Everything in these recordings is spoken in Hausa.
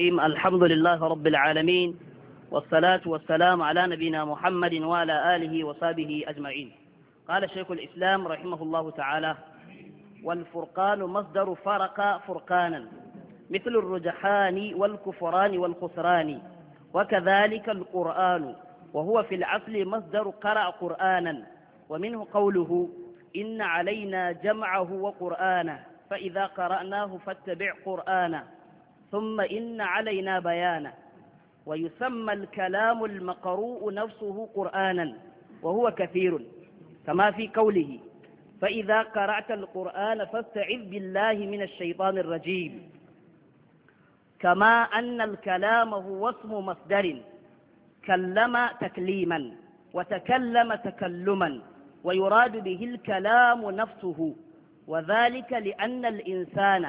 الحمد لله رب العالمين والصلاة والسلام على نبينا محمد وعلى آله وصحبه أجمعين قال شيخ الإسلام رحمه الله تعالى والفرقان مصدر فرق فرقانا مثل الرجحان والكفران والخسران وكذلك القرآن وهو في العصل مصدر قرأ قرآنا ومنه قوله إن علينا جمعه وقرآنه فإذا قرأناه فاتبع قرآنه ثم إن علينا بيانا ويسمى الكلام المقروء نفسه قرآنا وهو كثير كما في قوله فإذا قرأت القرآن فاستعذ بالله من الشيطان الرجيم كما أن الكلام هو اسم مصدر كلم تكليما وتكلم تكلما ويراد به الكلام نفسه وذلك لأن الإنسان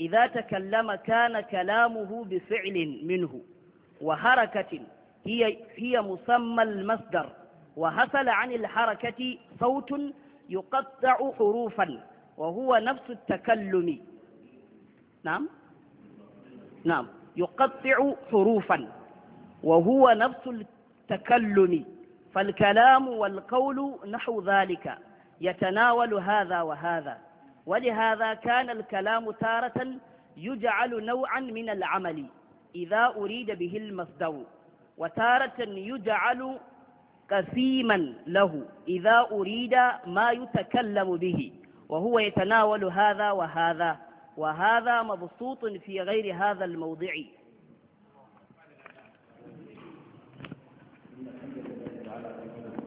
إذا تكلم كان كلامه بفعل منه وحركة هي, هي مسمى المصدر وحصل عن الحركة صوت يقطع حروفا وهو نفس التكلم نعم نعم يقطع حروفا وهو نفس التكلم فالكلام والقول نحو ذلك يتناول هذا وهذا ولهذا كان الكلام تارة يجعل نوعا من العمل إذا أريد به المصدر وتارة يجعل قسيما له إذا أريد ما يتكلم به وهو يتناول هذا وهذا وهذا مبسوط في غير هذا الموضع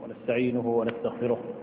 ونستعينه ونستغفره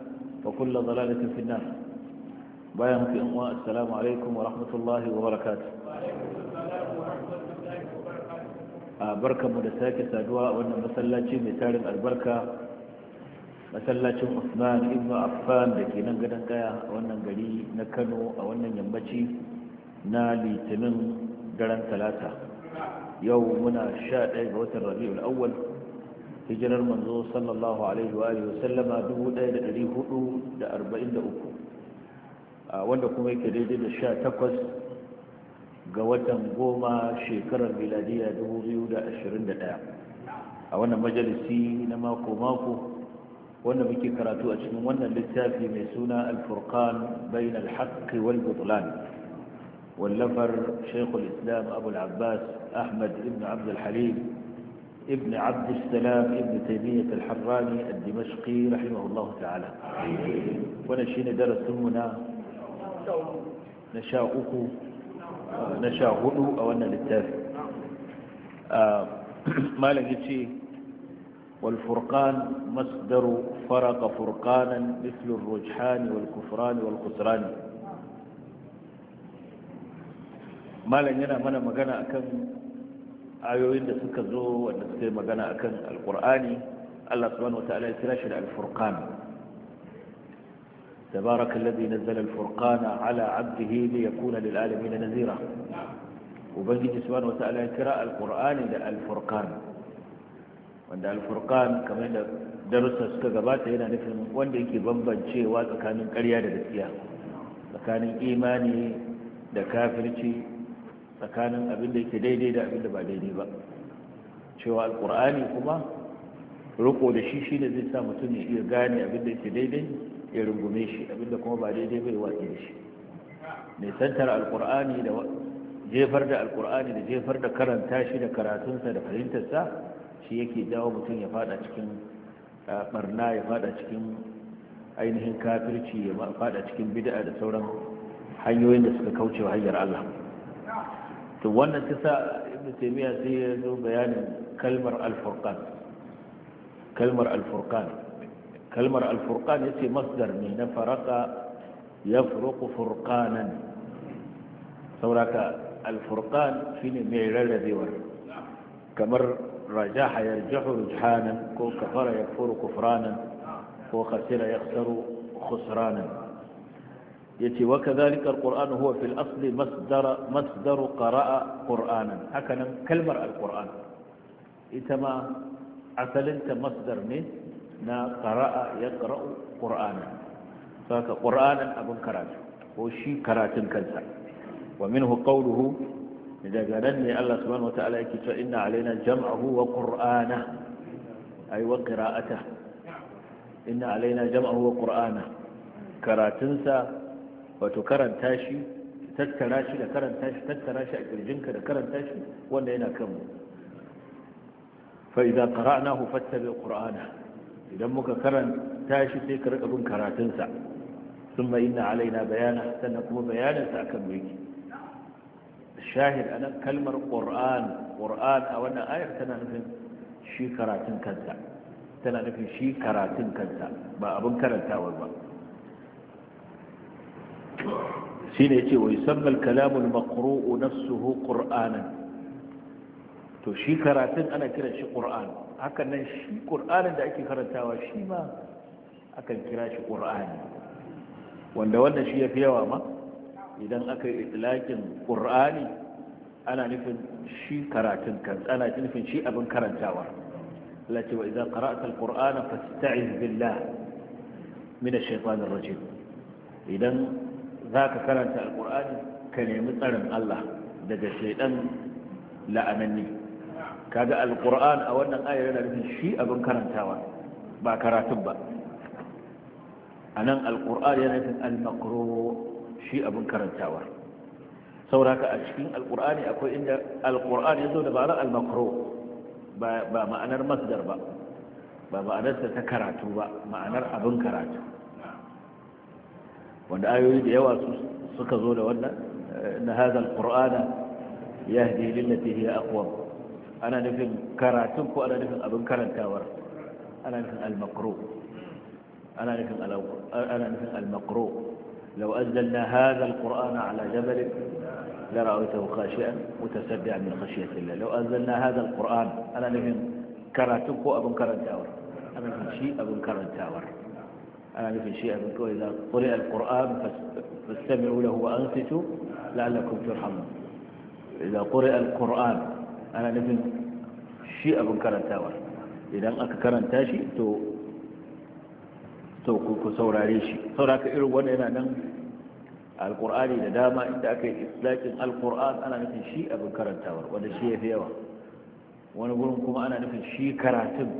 وكل ضلالة في النار بيان في أمواء السلام عليكم ورحمة الله وبركاته بركة مدساكة سادواء وأن مسلاتي مثال البركة masallacin usman ibn affan da ke nan gadon kaya a wannan gari na kano a wannan yammaci na litinin daren talata yau muna sha ɗaya ga watan rabi'ul awwal hijirar manzo sallallahu alaihi wa alihi wasallama 1443 wanda kuma yake daidai da 18 ga watan goma shekarar miladiya 2021 a wannan majalisi na mako-mako wanda muke karatu a cikin wannan littafi mai suna alfurkan bayan alhaƙi wal butlan wallafar shekul islam abu abbas ahmad ibn abdul halim ابن عبد السلام ابن تيمية الحراني الدمشقي رحمه الله تعالى ونشين درسمنا نشاؤه نشاهده أو أن للتاف آه، ما لقيتي والفرقان مصدر فرق فرقانا مثل الرجحان والكفران والخسران ما لقينا من مغنى أكمل ayoyin da suka zo wanda suka yi magana a kan alkur'ani allah subhanahu wa ta'ala ya kira shi da alfurkan tabarak alladhi nazzala alfurqana ala 'abdihi li yakuna lil 'alamin nazira ubangiji subhanahu wa ta'ala ya kira alqur'ani da alfurqan wanda alfurqan kamar da darussa suka gabata yana nufin wanda yake bambancewa tsakanin karya da gaskiya tsakanin imani da kafirci tsakanin abin da yake daidai da abin da ba daidai ba cewa alkur'ani kuma riko da shi ne zai sa mutum ya iya gane abin da yake daidai ya rungume shi abin da kuma ba daidai bai watsi da shi nisantar alkur'ani da jefar da alkur'ani da jefar da karanta shi da karatunsa da fahimtarsa shi yake jawo mutum ya fada cikin barna ya fada cikin ainihin kafirci ya fada cikin bid'a da sauran hanyoyin da suka kauce wa hanyar Allah to wannan ta sa ibn taymiya sai ya zo bayanin kalmar al-furqan kalmar al-furqan kalmar al-furqan yace masdar ne na faraka yafruqu furqanan sauraka al-furqan shine mai rarrabewa kamar rajaha رجاح rujhanan ko kafara كفر يكفر ko khasira yakhsaru khusranan yace wa kadhalika alqur'anu huwa fil asli masdar masdar qara'a qur'anan hakanan kalmar alqur'an ita ma asalinta masdar ne na qara'a yaqra'u qur'anan saka qur'anan abun karatu ko shi karatun kansa wa minhu qawluhu daga nan ne Allah subhanahu wataala yake cewa inna alaina jam'ahu wa qur'ana ay wa qira'ata inna alaina jam'ahu wa qur'ana karatunsa wato karanta shi tattara shi da karanta shi tattara shi a kirjinka da karanta shi wanda yana kanmu. mu fa idan qara'nahu fattabi qur'ana idan muka karanta shi sai ka rika bin karatunsa thumma inna alaina bayana sannan kuma bayanin sa akan mu yake a nan kalmar qur'an qur'an a wannan ayar tana nufin shi karatun kansa tana nufin shi karatun kansa ba abin karantawar ba shine yace ce wai sannan kalamun al na suhu qur'anan to shi karatun ana kiran shi ƙur'an hakan nan shi qur'anin da ake karantawa shi ma akan kira shi ƙur'ani wanda wannan shi ya fi yawa ma idan aka yi itlaqin ƙur'ani ana nufin shi karatun kan ana nufin shi abin karantawa Allah ce wa idan karatun al-qur'ana fasta'iz billah min ash-shaytanir rajim idan za ka karanta alkur'ani ka nemi tsarin Allah daga shaidan la'ananni kaga alkur'an a wannan ayar yana nufin shi abin karantawa ba karatun ba a nan alkur'an yana nufin almakro shi abin karantawa sauraka a cikin alkur'ani akwai inda alkur'an ya zo da ba almakro ba ma'anar masdar ba ba ma'anarsa ta karatu ba ma'anar abin karatu wanda ayoyi da yawa suka zo da wannan na hadha alqur'ana yahdi lillati hiya aqwam ana nufin karatun ko ana nufin abin karantawar ana nufin al ana nufin ana nufin al-maqru law anzalna hadha alqur'ana ala jabal لرأيته خاشئا متسبعا من خشية الله لو أنزلنا هذا ana nufin karatun ko abin كرنتاور ana nufin shi abin كرنتاور ana nufin shi abin kawai za ƙuri alƙur'an fastami'u lahu wa ansitu la'allakum turhamun idza quri'a alquran ana nufin shi abin karantawa idan aka karanta shi to to ku saurare shi sauraka irin wannan yana nan alqur'ani da dama inda aka yi islaqin alqur'an ana nufin shi abin karantawa wanda shi yawa wani gurin kuma ana nufin shi karatun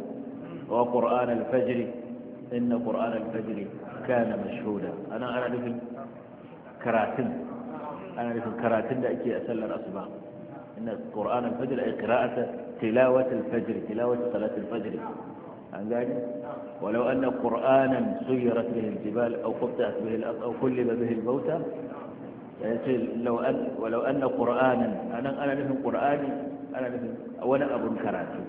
wa qur'an alfajiri. إن قرآن الفجر كان مشهودا أنا أنا لف الكراتين أنا لف الكراتين ده أكيد أسأل الأصباح إن قرآن الفجر أي قراءة تلاوة الفجر تلاوة صلاة الفجر عن ذلك ولو أن قرآنا سيرت به الجبال أو قطعت به الأرض أو كلب به الموتى يعني لو أن ولو أن قرآنا أنا أنا لف قرآني أنا لف وأنا أبو الكراتين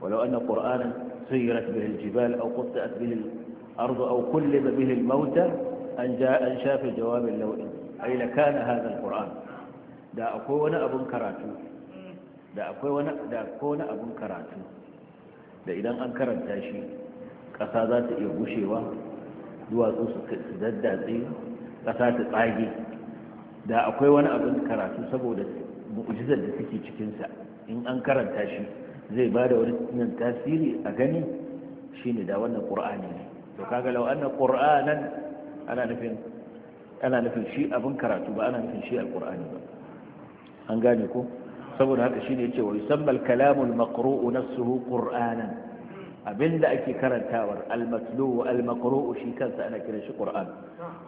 ولو أن قرآنا سيرت به الجبال أو قطعت به الأرض أو كلب به الموتى أن جاء أن شاف جواب اللوء أي لكان هذا القرآن da akwai wani abun karatu da akwai wani da akwai abun karatu da idan an karanta shi ƙasa za ta iya gushewa duwatsu su daddatse ƙasa ta tsage da akwai wani abun karatu saboda mu'ujizar da suke cikinsa in an karanta shi zai ba da wani tasiri a gani shine da wannan qur'ani ne to kaga law anna qur'anan ana nufin ana nufin shi abin karatu ba ana nufin shi alqur'ani ba an gane ko saboda haka shine yace wa yusamma al-kalamu al-maqru'u nafsuhu qur'anan abinda ake karantawar al wa al-maqru'u shi kansa ana kiran shi qur'an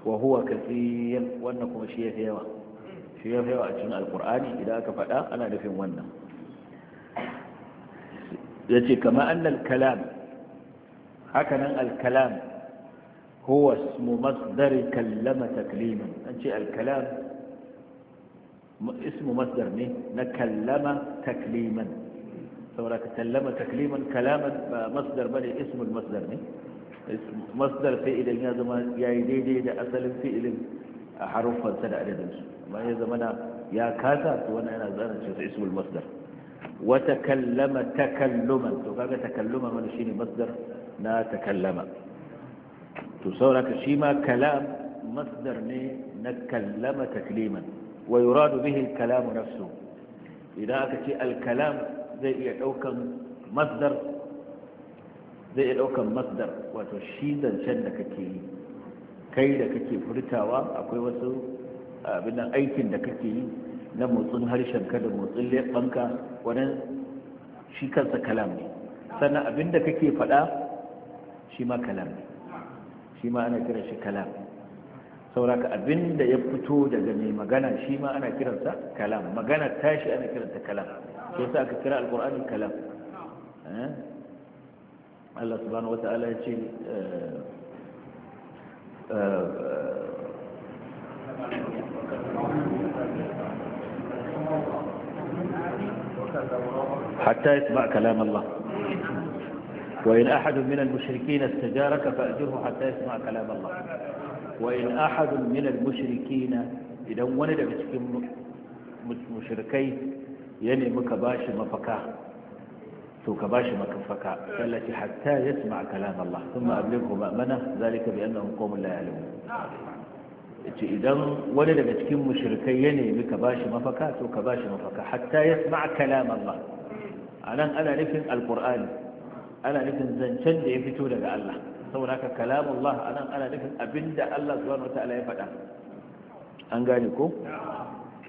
wa huwa kaseer wannan kuma shi yafi yawa shi yafi yawa a cikin al-qur'ani idan aka faɗa ana nufin wannan yace ce kama annal kalam haka hakanan alkalam huwa ismu masdar kallama takliman an ce alkalam ismu masdar ne na kallama takliman saboda ka kallama takliman kalaman ba masdar bane ismu masdar ne masdar sai idan ya zama ya yi daidai da asalin fi'ilin a haruffansa da adadinsu amma ya zama ya kasa to wannan yana zana ce ismu masdar وتكلم تكلما تكاغا تكلما من شيء مصدر نا تكلم تصورك شيما كلام مصدر ني نكلم تكليما ويراد به الكلام نفسه إذا أكت الكلام زي يدوكم مصدر زي يدوكم مصدر وتشيدا شنك كي كي لك كي فرتاوا أكوي وسو بنا أيكن لك كي na motsin harshen ka da motsin leɓanka wannan shi kansa kalam ne sannan abin da kake faɗa shi ma kalam ne shi ma ana kiran shi kalam sauraka abin da ya fito daga mai magana shi ma ana kiransa kalam magana tashi ana kiranta kalam shi yasa aka kira alqur'ani kalam eh? Allah subhanahu wata'ala ya ce eh, eh, حتى يسمع كلام الله وإن أحد من المشركين استجارك فأجره حتى يسمع كلام الله وإن أحد من المشركين إذا وند مشركين يعني مكباش مفكا سو كباش مكفكا التي حتى يسمع كلام الله ثم أبلغه مأمنة ذلك بأنهم قوم لا يعلمون yace idan wani daga cikin mushrikai ya nemi ka bashi mafaka to ka shi mafaka hatta yasma' kalam Allah nan ana nufin alqur'ani ana nufin zancen da ya fito daga Allah saboda haka kalam Allah anan ana nufin abinda Allah subhanahu ya faɗa an gane ko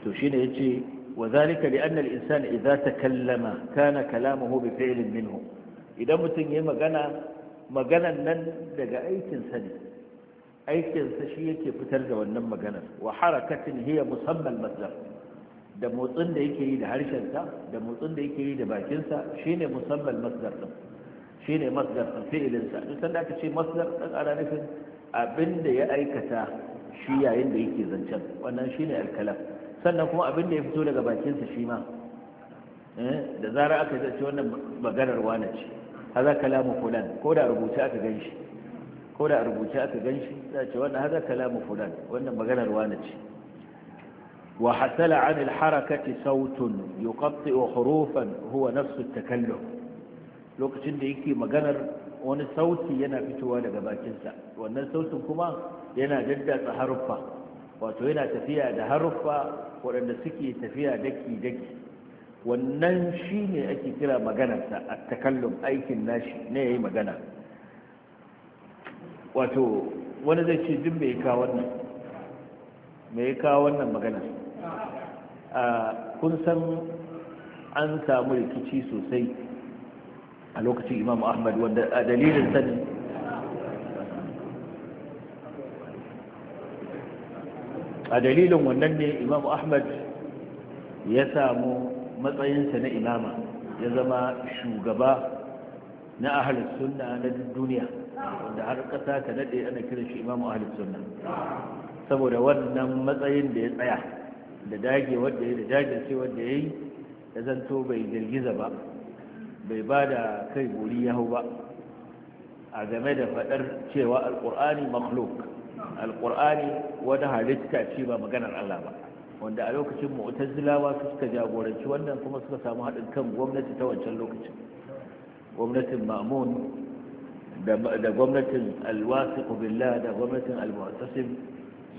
to shine yace وذلك لأن kallama إذا تكلم كان كلامه بفعل منه إذا متن يمغنى مغنى نن دغا أيكن ne. aikinsa shi yake fitar da wannan maganar wa harakatin hiya musamman mazdar da motsin da yake yi da harshensa da motsin da yake yi da bakinsa shine musamman masdar din shine masdar din sa duk sanda aka ce masdar din ana nufin abin da ya aikata shi yayin da yake zancen wannan shine alkalam sannan kuma abinda ya fito daga bakinsa shi ma eh, da zarar aka ce wannan maganar wane ce haza kalamu fulan ko da rubuce aka gan shi ko da a rubuce aka gan shi za ce wannan haza kalamu fulan wannan maganar wani ce wa hasala an alharakati sautun yuqatti hurufan huwa nafsu takallum lokacin da yake maganar wani sauti yana fitowa daga bakinsa wannan sautin kuma yana daddatsa haruffa wato yana tafiya da haruffa waɗanda suke tafiya daki-daki wannan shi ne ake kira maganarsa a takallum aikin nashi na ya yi magana wato wani zai ce jin mai kawo wannan mai kawo wannan magana a kun san an samu rikici sosai a lokacin imamu ahmad wanda a dalilin sani a dalilin wannan ne Imam ahmad ya samu matsayinsa na imama ya zama shugaba na ahalar sunna na duniya wanda har ƙasa ta daɗe ana kiran shi imamu ahlus sunna saboda wannan matsayin da ya tsaya da dage wanda ya da ce wanda ya yi ya zanto bai girgiza ba bai ba da kai guri ya hau ba a game da faɗar cewa alƙur'ani makhluk alƙur'ani wani halitta ce ba maganar Allah ba wanda a lokacin mu'tazilawa suka jagoranci wannan kuma suka samu haɗin kan gwamnati ta wancan lokacin gwamnatin mamun da gwamnatin alwasiqu billah da gwamnatin almu'tasim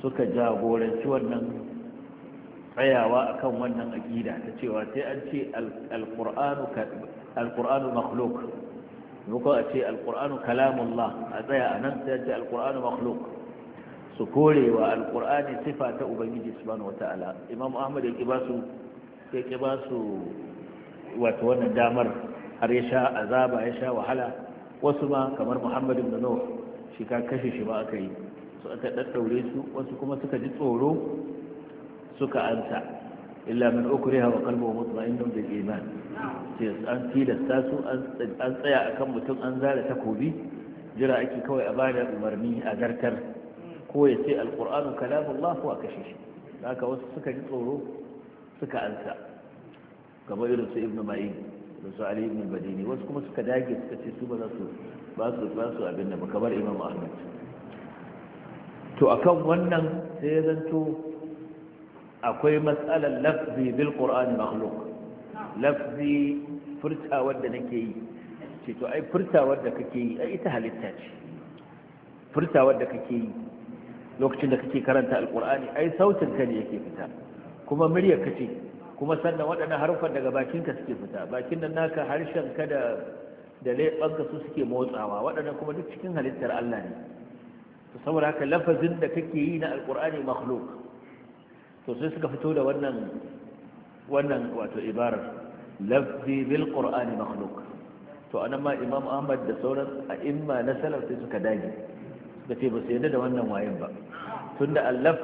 suka jagoranci wannan tsayawa akan wannan aqida ta cewa sai an ce alqur'anu alqur'anu makhluq a ce alqur'anu kalamullah a tsaya nan sai ce alqur'anu makhluq su korewa alqur'ani sifa ta ubangiji subhanahu wataala imam ahmad ya kiba su ya kiba su wata wannan damar har ya sha azaba ya sha wahala wasu ma kamar muhammad ibn nuh shi ka kashe shi ba aka yi su aka daddaure su wasu kuma suka ji tsoro suka anta illa min ukriha wa qalbuhu mutma'innun bil iman sai an tilasta su an tsaya akan mutum an zara takobi jira ake kawai a bada umarni a zartar ko ya ce alqur'anu kalamullah ko a kashe shi haka wasu suka ji tsoro suka ansa kamar irin su ibnu ma'in da su ali ibn badini wasu kuma suka dage suka ce su ba za su ba su ba su abin da kamar imam ahmad to akan wannan sai ya zanto akwai matsalar lafzi bil qur'ani makhluq lafzi furta wanda nake yi ce to ai furta wanda kake yi ai ita halitta ce furta wanda kake yi lokacin da kake karanta alqur'ani ai sautin ka ne yake fita kuma muryar ka ce kuma sannan waɗannan harufan daga bakinka suke fita bakin nan naka harshen ka da da laifanka su suke motsawa waɗannan kuma duk cikin halittar Allah ne to saboda haka lafazin da kake yi na alqur'ani makhluk to sai suka fito da wannan wannan wato ibarar lafzi bil qur'ani makhluk to anan ma imam ahmad da sauran a imma na salaf sai suka dage suka ce ba su yarda da wannan wayan ba tunda allaf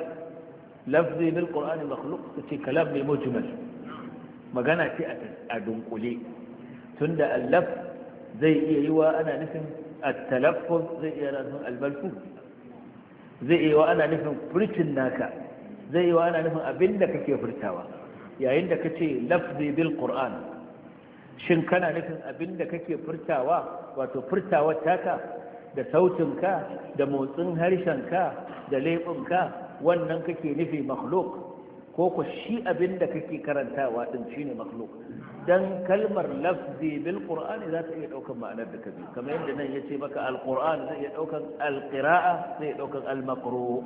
lafzi bil qur'ani makhluk ce kalam mai mujmal magana ce a dunkule tunda allaf zai iya yi wa ana nufin attalaffuz zai iya nufin albalfu zai iya wa ana nufin furcin naka zai iya wa ana nufin abin da kake furtawa yayin da kace lafzi bil qur'an shin kana nufin abin da kake furtawa wato furtawar taka da sautinka da motsin harshenka da leɓinka wannan kake nufi makhluk ko ku shi abin da kake karantawa din shine makhluk dan kalmar lafzi bil qur'ani za ta iya daukan ma'anar da kabi kamar yadda nan yace maka al qur'an zai iya daukan al qira'a zai iya daukan al maqru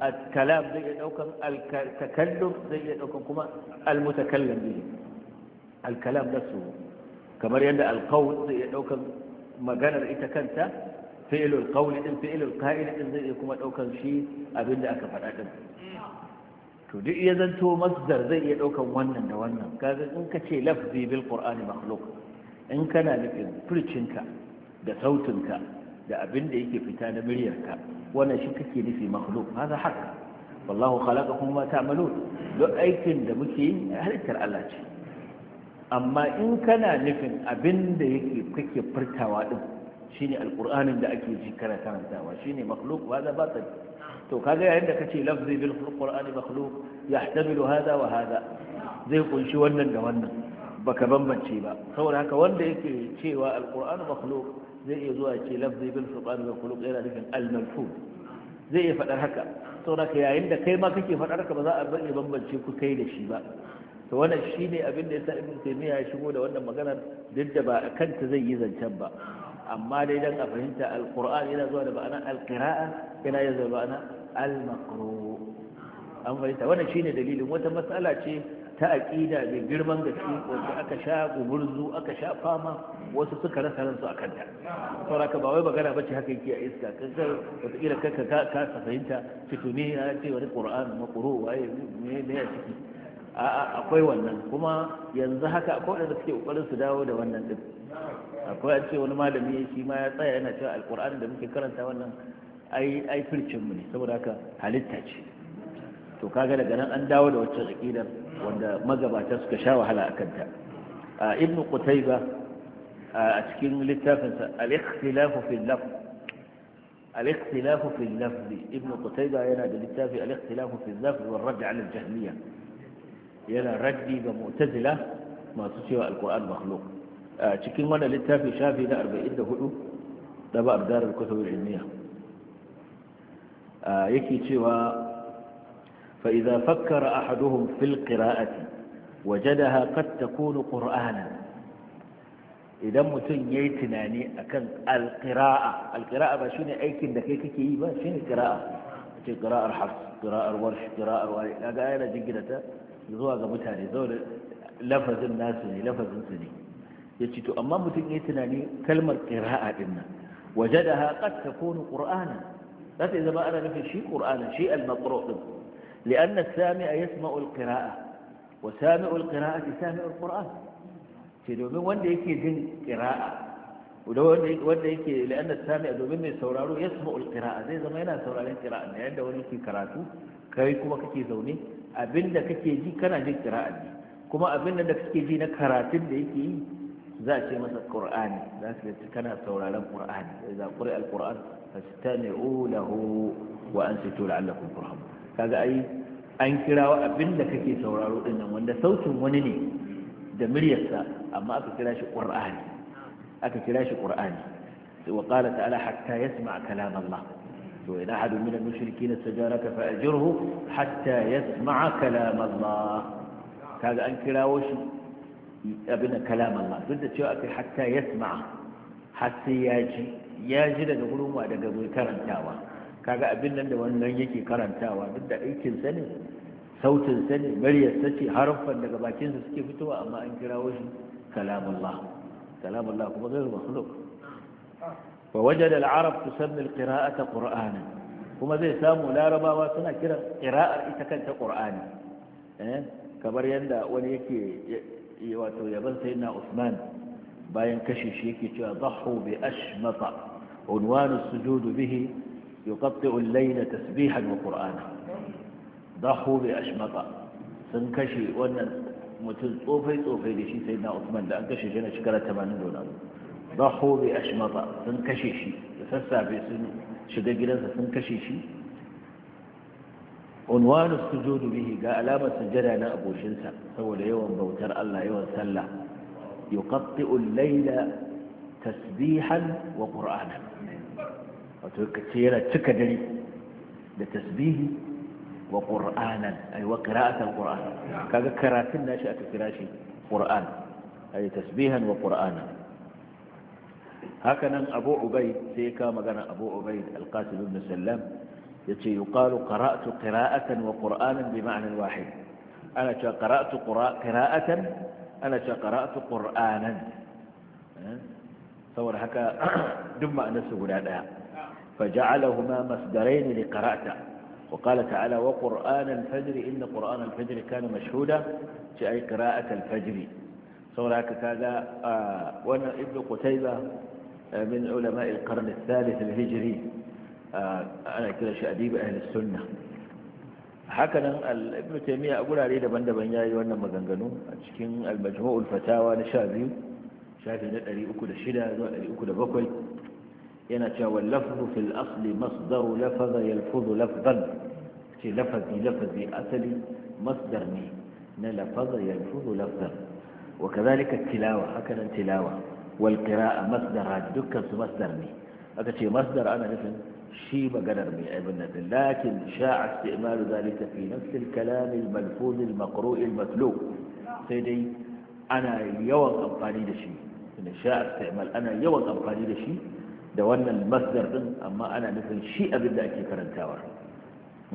al kalam zai iya daukan al takallum zai iya daukan kuma al mutakallim bihi al kalam nasu. kamar yadda al qawl zai iya daukan maganar ita kanta fi'lul qawli din fi'lul qa'il din zai iya kuma daukan shi abinda aka faɗa din to duk iya zanto masdar zai iya ɗaukan wannan da wannan kaga in ka ce lafzi bil qur'ani makhluq in kana nufin ka da sautinka da abin da yake fita na ka wannan shi kake nufi makhluq hada haka wallahu khalaqakum ma ta'malun duk aikin da muke yi halittar Allah ce amma in kana nufin abin da yake kake furtawa din shine alqur'anin da ake ji kana karantawa shine makhluq ba batil to kaga yayin da kace lafzi bil qur'ani makhluq yahtamilu hada wa hada zai kunshi wannan da wannan baka bambance ba saboda haka wanda yake cewa alqur'anu makhluq zai iya zuwa ce lafzi bil qur'ani makhluq yana nufin al malfuz zai iya fadar haka saboda haka yayin da kai ma kake fadar haka ba za a bari bambance ku kai da shi ba to wannan shine abin da yasa ibn taymiya ya shigo da wannan maganar duk da ba kanta zai yi zancen ba amma dai dan a fahimta alqur'an yana zuwa da ma'ana alqira'a yana zuwa da ma'ana al-maqru an fahimta wannan shine dalilin wata matsala ce ta aqida mai girman gaske wacce aka sha guburzu aka sha fama wasu suka rasa ransu a kanta sauraka ba wai magana bace haka yake a iska kankar wataƙila kanka ka kasa fahimta fito ne ya ce wani ƙura'an makuru. waye ne a ciki akwai wannan kuma yanzu haka akwai wanda suke ƙoƙarin su dawo da wannan din akwai an ce wani malami shi ma ya tsaya yana cewa alƙur'ani da muke karanta wannan ai ai fircin mu ne saboda haka halitta ce to kaga daga nan an dawo da wacce aqidar wanda magabata suka sha wahala a kanta ibn qutayba a cikin littafin sa al-ikhtilaf fi al-lafz al-ikhtilaf fi al-lafz ibn qutayba yana da littafi al-ikhtilaf fi al-lafz wa ar-radd 'ala al-jahmiyya yana raddi ga mu'tazila masu cewa al-qur'an makhluq cikin wannan littafi shafi na 44 da ba'd dar al-kutub al-ilmiyya yake cewa fa’iza fakkara a haduhun filƙira’ati waje da haƙar ta idan mutum ya yi tunani a kan alƙira’a alƙira’a ba shi ne aikin da kai kake yi ba shi ne ƙira’a a ce ƙira’ar harsu ƙira’ar warshi ƙira’ar wari na ga yana jingina zuwa ga mutane zau da lafazin nasu ne lafazin ya ci to amma mutum ya yi tunani kalmar kira'a ɗin nan waje da haƙar ذات إذا ما أنا نفي شيء قرآن شيء المقروء لأن السامع يسمع القراءة وسامع القراءة سامع القرآن في دومين وان يكي جن قراءة وان يكي لأن السامع دومين من سوراره يسمع القراءة زي زمينا سورارين قراءة عند وان يكي كراتو كيكما كي زوني أبن دا كي جي كان جن قراءة دي kuma abin da kake ji na karatun da yake yi za a ce masa ƙur'ani za su ce kana sauraron ƙur'ani za a ƙuri al-ƙur'an fastami'u lahu wa ansitu la'allakum turhamun kaga ai an kirawo abinda kake sauraro dinnan wanda sautin wani ne da muryarsa amma aka kira shi qur'ani aka kira shi qur'ani wa qala ta'ala hatta yasma' kalam Allah to idan ahadu min al-mushrikeena istajaraka fa ajirhu hatta yasma' kalam Allah kaga an kirawo shi abin kalam Allah duk da cewa akai hatta yasma' har sai ya ji ya ji daga gurin daga mai karantawa kaga abin nan da wannan yake karantawa duk da aikin sa ne sautin sa ne muryar sa ce haruffan daga bakin sa suke fitowa amma an kira wasu kalamullah kalamullah kuma zai makhluq fa wajada al-arab tusammi al-qira'ata qur'anan kuma zai samu larabawa suna kiran qira'ar ita kanta qur'ani eh kamar yadda wani yake wato yaban sayyidina usman bayan kashe shi yake cewa dhahu bi ashmata عنوان السجود به يقطع الليل تسبيحا وقرآنا ضحوا بأشمطة سنكشي وانا متل طوفي طوفي لشي سيدنا عثمان لأن كشي جنة شكرة 80 دولار ضحوا بأشمطة سنكشي شي يفسع في سن شدق جلسة سنكشي شي عنوان السجود به قال لا سجدة أنا أبو شنسة سوى اليوم بوتر الله يوم سلا يقطع الليل تسبيحا وقرآنا wato kace yana cika dare da tasbihi wa qur'anan ai wa qira'atan qur'an kaga karatun nashi aka kira shi qur'an ai tasbihan wa qur'anan haka nan abu ubaid sai ka magana abu ubaid al ibn sallam yace yuqalu qara'tu qira'atan wa qur'anan bi ma'na wahid ana cewa qara'tu qira'atan ana cewa qara'tu qur'anan saboda haka duk ma'anarsa guda daya فجعلهما مصدرين لقراءته وقال تعالى وقرآن الفجر إن قرآن الفجر كان مشهودا أي قراءة الفجر صورك هذا آه، وانا ابن قتيبة آه، من علماء القرن الثالث الهجري آه، أنا كده شأديب أهل السنة حكنا نعم، ابن تيمية أقول عليه دبن دبن ياي وانا مغنغنو أتشكين المجموع الفتاوى نشابي شاذي نتألي أكل الشدى أكل بكل ينتج واللفظ في الأصل مصدر لفظ يلفظ لفظا لفظي لفظي أصلي مصدرني نلفظ يلفظ لفظا وكذلك التلاوة حكنا التلاوة والقراءة مصدر مي مصدرني أكتي مصدر أنا لفن شيب قررني أبنى لكن شاع استعمال ذلك في نفس الكلام الملفوظ المقروء المثلو سيدي أنا يوم أبقاني لشي إن شاء استعمال أنا يوم أبقاني لشي da wannan masdar din amma ana nufin shi abin da ake karantawa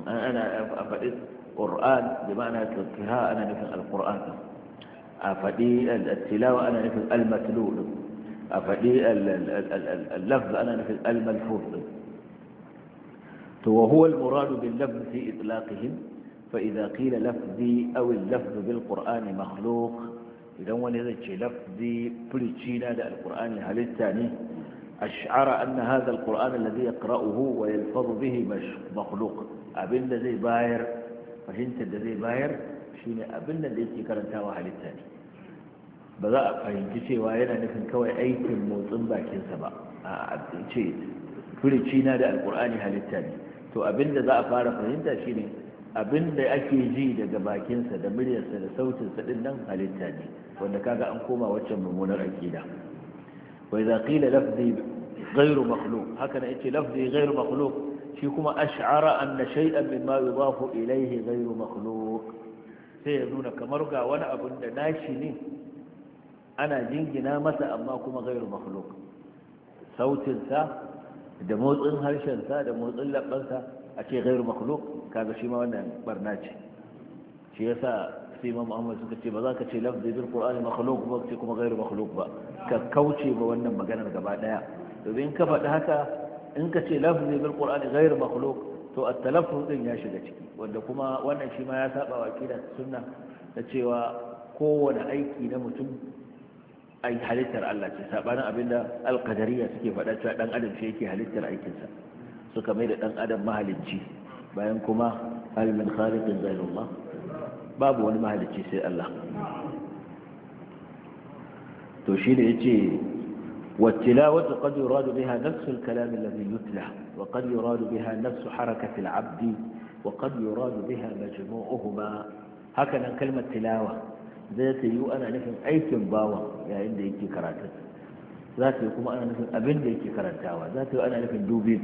ana a faɗi ƙur'an da ma'ana tsakira ana nufin alƙur'an din a faɗi al-tilawa ana nufin almatlu din a faɗi al-lafz ana nufin al-malfuz din to wa huwa al-murad bil lafz fi itlaqihim fa idza qila lafzi aw al-lafz bil qur'ani mahluq idan wani zai ce lafzi furicina da alqur'ani halitta ne أشعر أن هذا القرآن الذي يقرأه ويلفظ به مخلوق أبن الذي باير فهنت الذي باير شين أبن الذي كرنتا وحل الثاني بدأ فهنت شيء وأنا نفن كوي أي موطن باكين سبا شيء كل شيء نادى القرآن هل الثاني تو أبن الذي أفار فهنت شين abin da ake ji daga bakinsa da muryarsa da sautinsa ɗin nan halitta ne wanda kaga an koma waccan mummunar akida wa idza qila lafzi ghayru makhluq haka na yace lafzi ghayru makhluq shi kuma ash'ara anna shay'an mimma yudafu ilayhi ghayru sai ya nuna kamar ga wani abin da nashi ni ana jingina masa amma kuma ghayru makhluq sautin da motsin harshen sa da motsin labban sa a ce ghayru makhluq kaga shima ma wannan barna ce shi yasa sai imam ahmad suka ce ba za ka ce lafzi bil qur'ani makhluq ba ce kuma ghairu makhluq ba ka kauce ba wannan maganar gaba daya domin ka faɗi haka in ka ce lafzi bil qur'ani ghairu makhluq to at-talaffuz din ya shiga ciki wanda kuma wannan shi ma ya saba wa kida sunna da cewa kowane aiki na mutum ai halittar Allah ce sabanin abinda alqadariya suke faɗa cewa dan adam shi yake halittar aikinsa suka mai da dan adam mahalicci bayan kuma hal min khaliqin ghairullah babu wani mahalicci sai Allah to shi ne yace والتلاوة قد يراد بها نفس الكلام الذي يتلى وقد يراد بها نفس حركة العبد وقد يراد بها مجموعهما هكذا كلمة تلاوة ذات يو أنا نفهم أي تنباوة يا عند يكي كراتت ذات يكم أنا نفهم أبن يكي كراتاوة ذات يو أنا نفهم دوبين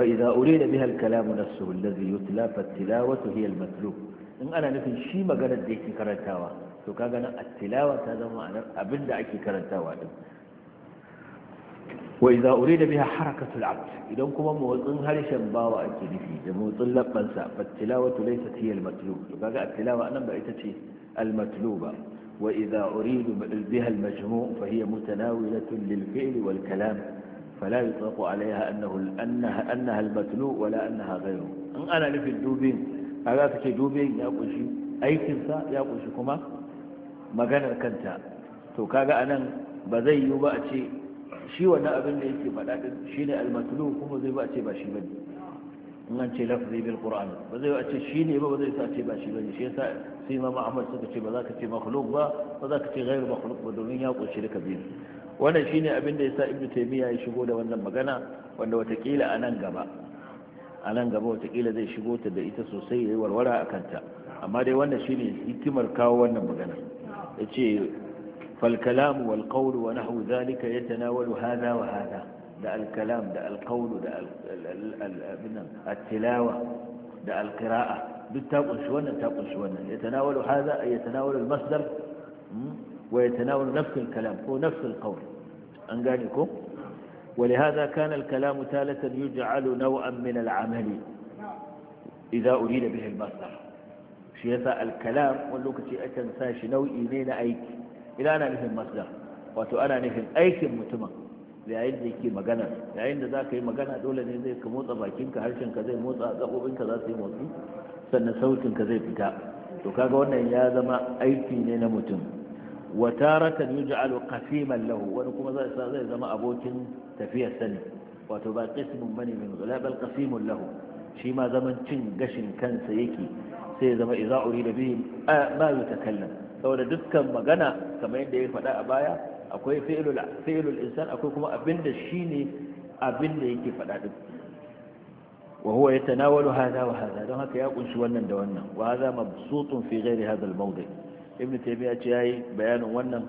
فإذا أريد بها الكلام نفسه الذي يتلى فالتلاوة هي المتلوب in ana nufin shi maganar da yake karantawa to kaga nan at-tilawa ta zama ma'anar abin da ake karantawa din wa idza urida biha harakatu al-abd idan kuma motsin harshen bawa ake nufi da motsin labbansa at-tilawatu laysat hiya al-matlub to kaga at-tilawa anan ba ita ce al-matluba wa idza uridu biha al-majmu' fa hiya mutanawilatun lil-fi'l wal-kalam فلا يطلق عليها أنه أنها, أنها المتلو ولا أنها غيره ان أنا نفي الدوبين kaga ka ce dobe ya kunshi aikinsa ya kunshi kuma maganar kanta to kaga anan ba zai yiwu ba a ce shi wannan abin da yake faɗa din shine almatlu kuma zai ba a ce ba shi bane in an ce lafzi bil qur'an ba zai ba a ce shine ba ba zai sa ce ba shi ne shi yasa sai imam ahmad suka ce ba za ka ce makhluq ba ba za ka ce ghairu makhluq ba domin ya kunshi duka biyu wannan ne abin da yasa ibnu taymiya ya shigo da wannan magana wanda watakila a nan gaba a nan gaba watakila zai shigo ta da ita sosai ya yi warwara a kanta amma dai wannan shi ne hikimar kawo wannan magana ya ce falkalamu wal qawlu wa nahwu zalika yatanawalu hada wa hada da alkalam da alqawlu da al-tilawa da alqira'a duk ta kunshi wannan ta kunshi wannan yatanawalu hadha ay yatanawalu al-masdar wa yatanawalu nafs al-kalam ko nafs al an gane ko ولهذا كان الكلام تالة يجعل نوعا من العمل إذا أريد به المصدر shi yasa alkalam wani lokaci akan sa shi nau'i ne na aiki ina ana nufin masdar wato ana nufin aikin mutumin yayin da yake magana yayin da za ka yi magana dole ne zai ka motsa bakinka harshenka zai motsa gaɓoɓinka za su yi sannan sautinka zai fita to kaga wannan ya zama aiki ne na mutum wa taratan yuj'alu qasiman lahu wani kuma zai zama abokin tafiyar sani wato ba kismin bane min la bal lahu shi ma zaman cin gashin kansa yake sai zama idza urida bihi ma yatakallam saboda dukkan magana kamar yadda ya faɗa a baya akwai fi'lul insan akwai kuma ne abin da yake faɗa din wa huwa yatanawalu hadha wa hadha don haka ya kunshi wannan da wannan wa hadha mabsutun fi ghairi hadha al-mawdi' ibn taymiya ce yayi bayanin wannan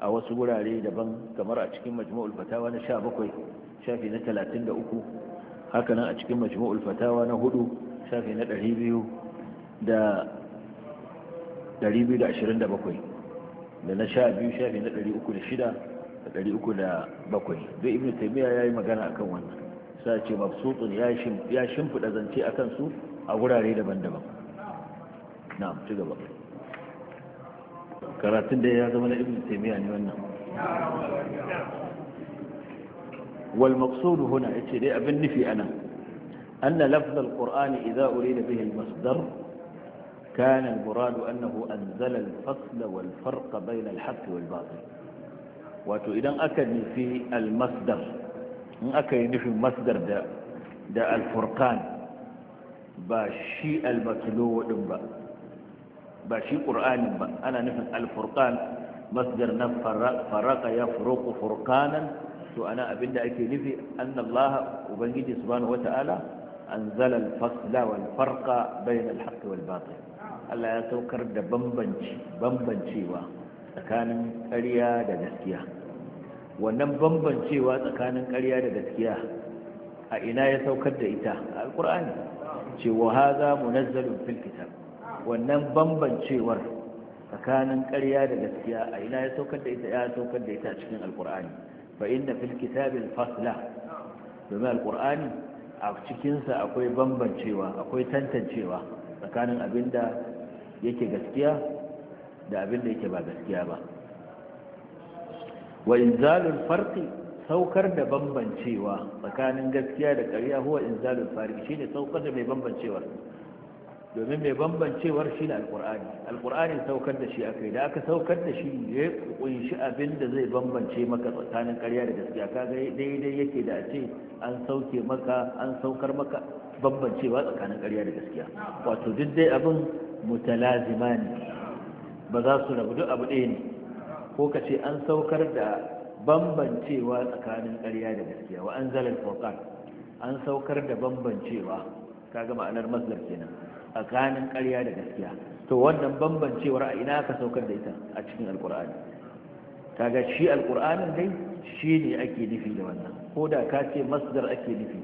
a wasu wurare daban kamar a cikin majmu'ul fatawa na 17 shafi na 33 haka nan a cikin majmu'ul fatawa na 4 shafi na 200 da 227 da na 12 shafi na 306 da 307 duk ibn taymiya yayi magana akan wannan sai ce mabsutun ya shimfiɗa zance akan su a wurare daban-daban na'am ci gaba karatun da ya zama na ibn taymiya ne wannan wal maqsud huna yace dai abin nufi ana anna lafz al qur'ani idza urida bihi al masdar kana al murad annahu anzala كان المراد أنه أنزل الفصل والفرق بين الحق والباطل wato idan aka nufi al masdar in aka yi nufin masdar da da al furqan ba shi al almatulu din ba ba shi ƙur'anin ba ana nufin alfurqan masdar na faraka ya furuku furkanan. to ana da ake nufi annallaha ubangiji subhanahu wata'ala anzala alfasla wal farqa Bayan alhaqqi wal batil Allah ya saukar da bambancewa tsakanin ƙarya da gaskiya wannan bambancewa tsakanin ƙarya da gaskiya a ina ya saukar da ita a alƙur'ani ce wa haza munazzalun fil kitab wannan bambancewar tsakanin ƙarya da gaskiya a ina ya saukar da ita ya saukar da ita a cikin alkur'ani fa inna fil kitabil fasla domin alkur'ani a cikinsa akwai bambancewa akwai tantancewa tsakanin abin da yake gaskiya da abin da yake ba gaskiya ba wa inzalul farqi saukar da bambancewa tsakanin gaskiya da ƙarya huwa inzalul farqi shine saukar da mai bambancewar. domin mai bambancewar shi na alkur'ani alkur'ani saukar da shi yi da aka saukar da shi ya kunshi abin da zai bambance maka tsakanin karya da gaskiya kaga daidai yake da ce an sauke maka an saukar maka bambancewa tsakanin karya da gaskiya wato duk dai abin mutalazima ne ba za su rabu duk abu ɗaya ne ko ka ce an saukar da bambancewa tsakanin karya da gaskiya wa an zalar an saukar da bambancewa kaga ma'anar masdar kenan tsakanin ƙarya da gaskiya to wannan bambancewar a ina ka saukar da ita a cikin alƙur'ani? kaga shi alkur'anin dai shi ne ake nufi da wannan ko da ka ce masdar ake nufi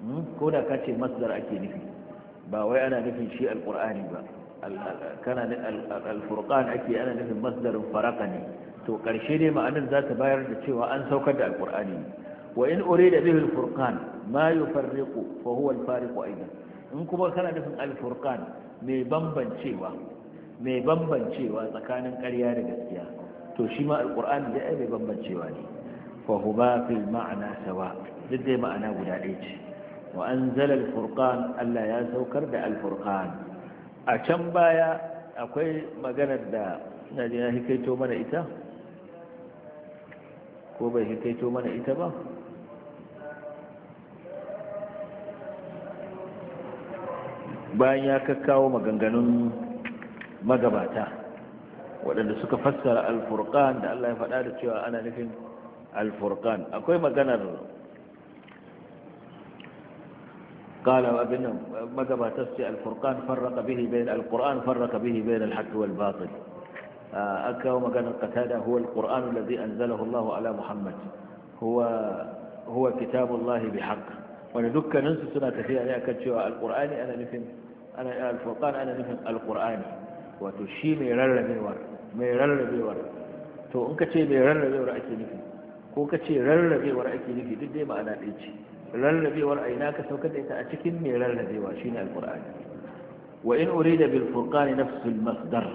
hmm? ko da ka ce masdar ake nufi ba wai ana nufin shi alƙur'ani ba kana alfurqan ake ana nufin masdarin faraka ne to karshe dai ma'anar za ta bayar da cewa an saukar da alƙur'ani? wa in urida bihi alfurqan ma yufarriqu fa huwa alfariqu aidan in kuma kana nufin alfurkan mai bambancewa mai bambancewa tsakanin ƙarya da gaskiya to shi ma alqur'ani da mai bambancewa ne fa huma ma'ana sawa duk dai ma'ana guda ɗaya ce wa anzala alfurqan Allah ya saukar da alfurqan a can baya akwai maganar da ina je na hikaito mana ita ko bai hikaito mana ita ba bayan ya kakkawo maganganun magabata waɗanda suka fassara alfurkan da Allah ya faɗa da cewa ana nufin alfurkan akwai maganar قال ابن مجب تسجي الفرقان فرق به بين القرآن فرق به بين الحق والباطل أكا ومكان القتادة هو القرآن الذي أنزله الله على محمد هو هو كتاب الله بحق ونذك ننسى سنة فيها لأكد cewa القرآن أنا نفهم ana alfurqan ana nufin alqur'ani wato shi mai rarrabewar mai rarrabewa to in ka ce mai rarrabewar ake nufi ko ka ce rarrabewar ake nufi duk dai ma'ana ɗaya ce rarrabewar a ina ka saukar da ita a cikin mai rarrabewa shine alqur'ani wa in urida bil furqani nafsu al masdar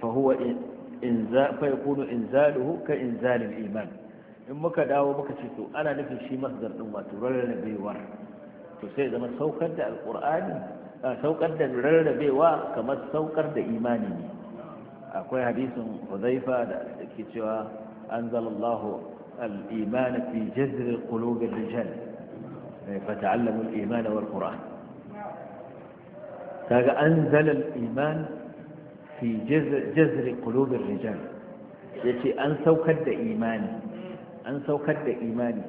fa huwa inza fa yakunu inzaluhu ka inzal al iman in muka dawo muka ce to ana nufin shi masdar din wato rarrabewar to sai zama saukar da alqur'ani saukar da rarrabewa kamar saukar da imani ne akwai hadisin huzaifa da ke cewa an zalallahu al'iman fi jazirin kulogin rijal mai fata'allamun iman wal ƙura ga an zalal iman fi jazirin kulogin rijal ya ce an saukar da imani an saukar da imani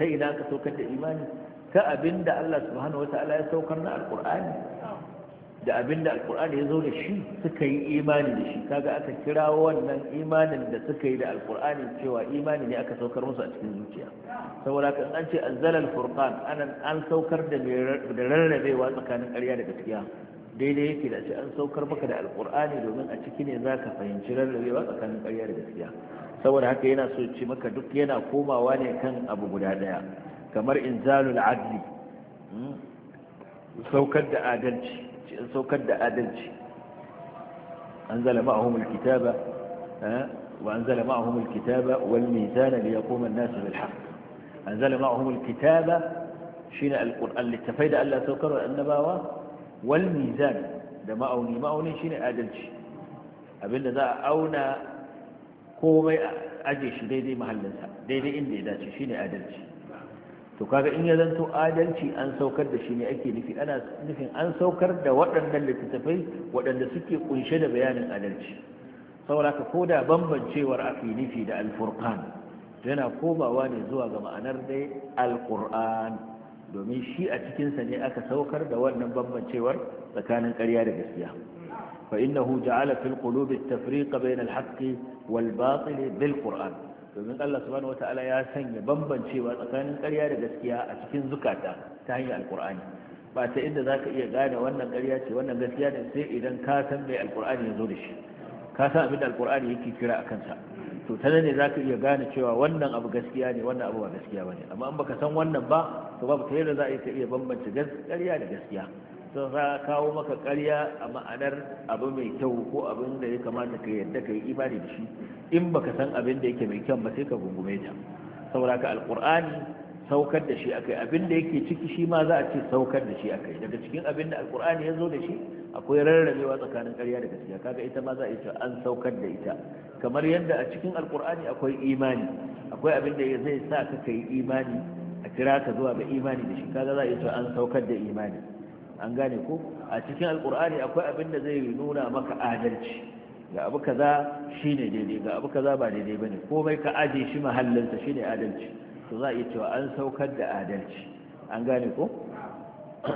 ta ina ka saukar da imani ta abinda Allah subhanahu wataala ya saukar na alkur'ani da abinda alkur'ani ya zo da shi suka yi imani da shi kaga aka kira wannan imanin da suka yi da alkur'ani cewa imani ne aka saukar musu a cikin zuciya saboda kan an ce azzalal furqan anan an saukar da da rarrabewa tsakanin ƙarya da gaskiya daidai yake da ce an saukar maka da alkur'ani domin a ciki ne zaka fahimci rarrabewa tsakanin ƙarya da gaskiya saboda haka yana so ce maka duk yana komawa ne kan abu guda ɗaya. kamar inzalul adli hmm? saukar da adalci ci an da adalci an zala ma'ahumul kitaba wa an zala ma'ahumul nasu bil haq an kitaba shi ne alƙul'an littafai da allah saukar wa annabawa wal da ma'auni ma'auni shi adalci abinda za a auna komai a aje shi daidai mahallinsa daidai inda ya dace shine adalci to kaga in ya zanto adalci an saukar da shi ne ake nufi ana nufin an saukar da waɗannan littattafai waɗanda suke kunshe da bayanin adalci saboda ko koda bambancewar a nufi da alfurkan yana komawa ne zuwa ga ma'anar dai alqur'an domin shi a cikinsa ne aka saukar da wannan bambancewar tsakanin ƙarya da gaskiya فإنه جعل في القلوب التفريق بين الحق bil بالقرآن domin Allah subhanahu wata'ala ya sanya bambancewa tsakanin karya da gaskiya a cikin zukata ta hanyar alkur'ani ba ta inda za ka iya gane wannan karya ce wannan gaskiya ne sai idan ka san mai alkur'ani ya zo da shi ka san abin da alkur'ani yake kira a kansa to ta ne za ka iya gane cewa wannan abu gaskiya ne wannan abu ba gaskiya ba ne amma in baka san wannan ba to babu ta yadda za a iya bambance karya da gaskiya sun kawo maka ƙarya a ma'anar abu mai kyau ko abin da ya kamata ka yadda ka yi imani da shi in baka san abin da yake mai kyau ba sai ka gungume ta saboda ka alƙur'ani saukar da shi akai abin da yake ciki shi ma za a ce saukar da shi akai daga cikin abin da alƙur'ani ya zo da shi akwai rarrabewa tsakanin ƙarya da gaskiya kaga ita ma za a ce an saukar da ita kamar yadda a cikin alƙur'ani akwai imani akwai abin da zai sa ka kai imani a kira ka zuwa ga imani da shi kaga za a ce an saukar da imani an gane ko a cikin alkur'ani akwai abin da zai nuna maka adalci ga abu kaza shine daidai ga abu kaza ba daidai bane komai ka aje shi mahallinsa shine adalci to za a iya cewa an saukar da adalci an gane ko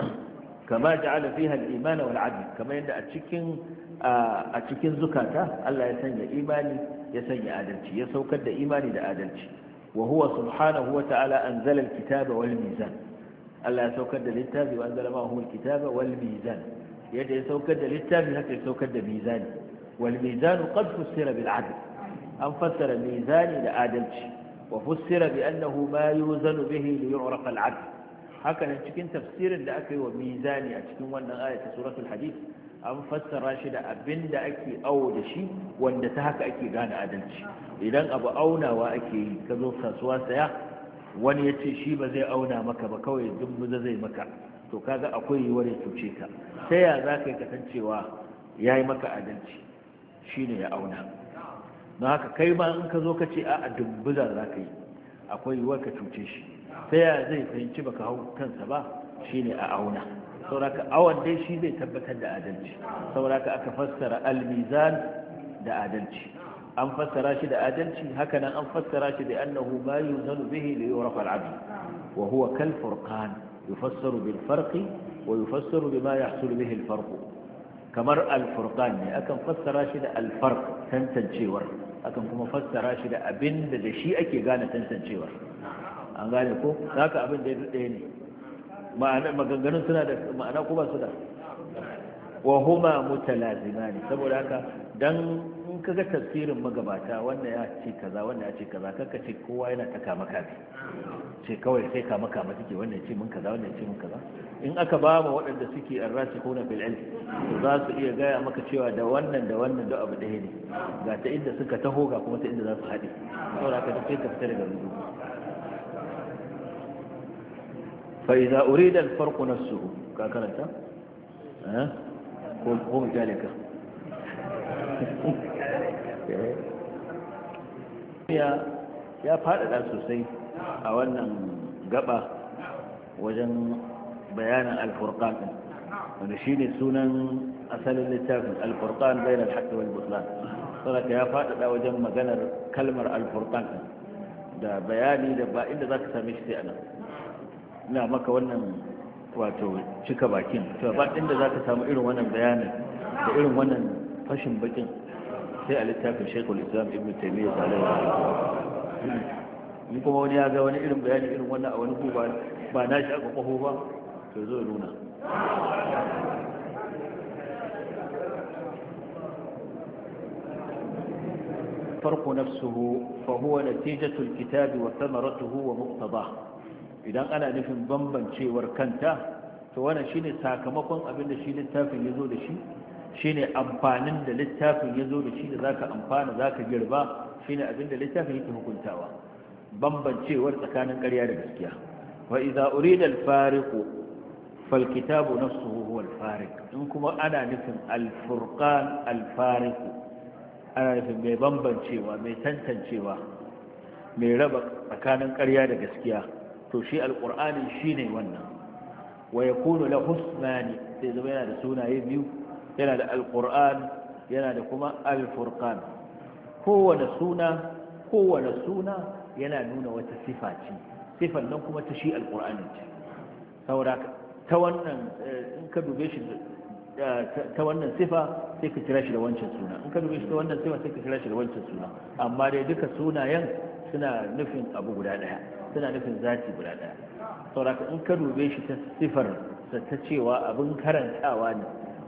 kama ja'ala fiha al-iman wal 'adl kama yadda a cikin a cikin zukata Allah ya sanya imani ya sanya adalci ya saukar da imani da adalci wa huwa subhanahu wa ta'ala anzala al-kitaba wal mizan Allah ya saukar da littafi wa anzala ma'ahu alkitaba wal mizan yadda ya saukar da littafi haka ya saukar da mizani wal mizanu qad fussira bil adl an fassara mizani da adalci wa fussira bi annahu ma yuzanu bihi li yu'raf al adl haka ne cikin tafsirin da aka yi wa mizani a cikin wannan ayat ta suratul hadid an fassara shi da abinda ake awo da shi wanda ta haka ake gane adalci idan abu aunawa ake yi ka zo kasuwa saya wani ya ce shi ba zai auna maka ba kawai duk muza zai maka to kaga akwai yiwuwar ya cuce ka ta ya za ka yi kasancewa ya yi maka adalci shine ya auna don haka kai ma in ka zo ka ce a dumbuza za ka yi akwai yiwuwar ka cuce shi ta ya zai fahimci baka hau kansa ba shine a auna sauraka awan dai shi zai tabbatar da adalci sauraka aka fassara almizan da adalci an fassara shi da adalci haka nan an fassara shi da annahu ma yuzanu bihi li yurafa al-abd wa huwa kal furqan yufassaru bil farqi wa yufassaru bima yahsul bihi al-farq kamar al-furqan ne akan fassara shi da al-farq tantancewar akan kuma fassara shi da abin da da shi ake gane tantancewar an gane ko haka abin da ya dade ne ma'ana maganganun suna da ma'ana ko ba su da wa huma mutalazimani saboda haka dan in kaga tafsirin magabata wanda ya ce kaza wanda ya ce kaza kaka ce kowa yana ta kama kafi ce kawai sai kama kama suke wanda ya ce mun kaza wanda ya ce mun kaza in aka ba mu waɗanda suke arrasu ko na fil'il za su iya gaya maka cewa da wannan da wannan da abu ɗaya ne ga ta inda suka taho ga kuma ta inda za su haɗe saboda ka tafi ka fita daga rubu fa idza urida al farq nafsuhu ka karanta eh ko ko mutalika ka ya faɗaɗa sosai a wannan gaba wajen bayanin alfurkan ɗin wanda shi ne sunan asalin littafin alfurkan bayan alhaƙi wal butlan saboda ya faɗaɗa wajen maganar kalmar alfurkan ɗin da bayani da ba inda za ka same shi a nan ina maka wannan wato cika bakin to ba inda za ka samu irin wannan bayanin da irin wannan fashin bakin sai a littafin shekul islam ibn taimiyya tare da kuma wani ya ga wani irin bayani irin wannan a wani kuma ba na shi aka kwaho ba to zo nuna الفرق نفسه فهو نتيجة الكتاب وثمرته ومقتضاه إذا أنا نفهم بمبا شيء وركنته to wannan shine sakamakon abin da shi littafin ya zo da shi shine amfanin da littafin ya zo da shi da zaka amfana zaka girba shine abin da littafin yake hukuntawa bambancewar tsakanin ƙarya da gaskiya wa idza urida al fal kitabu nafsuhu huwa al in kuma ana nufin al al ana nufin mai bambancewa mai tantancewa mai raba tsakanin ƙarya da gaskiya to shi al shine wannan wa yakunu lahu ismani sai zama yana da sunaye biyu yana da alƙur'an yana da kuma alfurqan kowane suna kowane suna yana nuna wata sifa ce sifan nan kuma ta shi alƙur'anin ce ta wannan eh, in ka dube shi eh, ta wannan sifa sai ka kira shi da wancan suna in ka dube shi ta wannan sifa sai ka kira shi da wancan suna amma dai duka sunayen suna nufin abu guda ɗaya suna nufin zati guda saboda in ka dube shi ta sifar ta cewa abin karantawa ne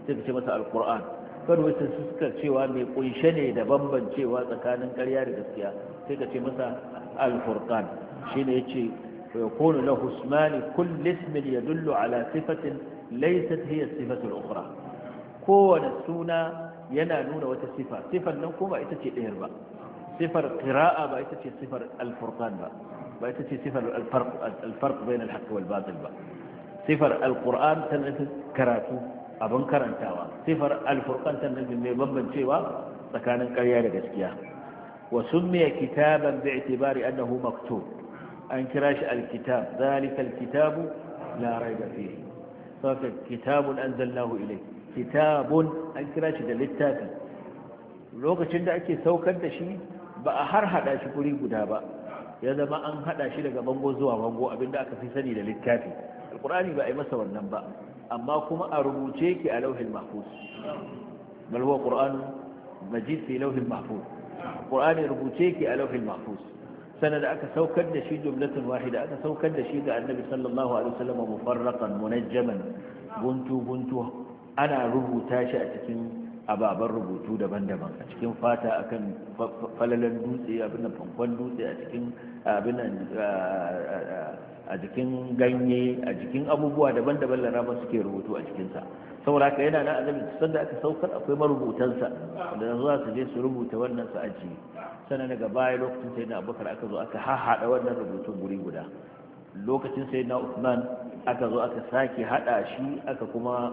sai ka ce masa alkur'an kadu mai kunshe ne da bambancewa tsakanin karya da gaskiya sai ka ce masa alfurkan shi ne ya kone na husmani kulli smil ya dullo ala sifatin laisa ta hiyar sifatin ukura suna yana nuna wata sifa sifar nan ko ba ita ce ɗayar sifar kira'a ba ita ce sifar alfurkan ba ba ita sifar alfarku bayan alhaka walbazin sifar alkur'an tana nufin karatu abin karantawa sifar alfurqan tannabi mai bambancewa tsakanin karya da gaskiya wa summiya kitaban bi itibari annahu maktub an kira shi alkitab zalika alkitabu la raiba fihi saka kitabun anzalnahu ilai. kitabun an kira shi da littafi lokacin da ake saukar da shi ba a har hada shi guri guda ba ya zama an hada shi daga bango zuwa bango abinda aka fi sani da littafi alqur'ani ba a yi masa wannan ba amma kuma a rubuce ki a lauhin mahfuz bal huwa qur'an majid fi lauhin mahfuz qur'ani rubuce ki a lauhin mahfuz sanar da aka saukar da shi jumlatun wahida aka saukar da shi ga annabi sallallahu alaihi wasallam mufarraqan munajjaman guntu guntu ana rubuta shi a cikin ababen rubutu daban-daban a cikin fata akan falalan dutse abin nan fankon dutse a cikin abin nan a jikin ganye a jikin abubuwa daban-daban laraba suke rubutu a jikinsa saboda haka yana nan azabi san da aka saukar akwai marubutansa da za su je su rubuta wannan su aji sannan daga baya lokacin sai na abubakar aka zo aka hahada wannan rubutun guri guda lokacin sai na usman aka zo aka sake hada shi aka kuma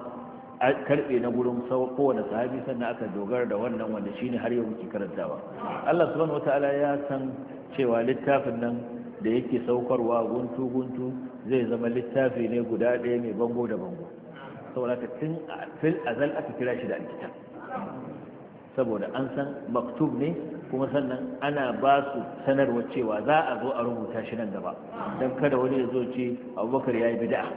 karbe na gurin kowane sahabi sannan aka dogara da wannan wanda shine har yau muke karantawa Allah subhanahu wataala ya san cewa littafin nan da yake saukarwa guntu guntu zai zama littafi ne guda ɗaya mai bango da bango saboda tun a fil azal aka kira shi da alkita saboda an san maktub ne kuma sannan ana ba su sanarwa cewa za a zo a rubuta shi nan gaba don kada wani ya zo ce abubakar ya yi bida'a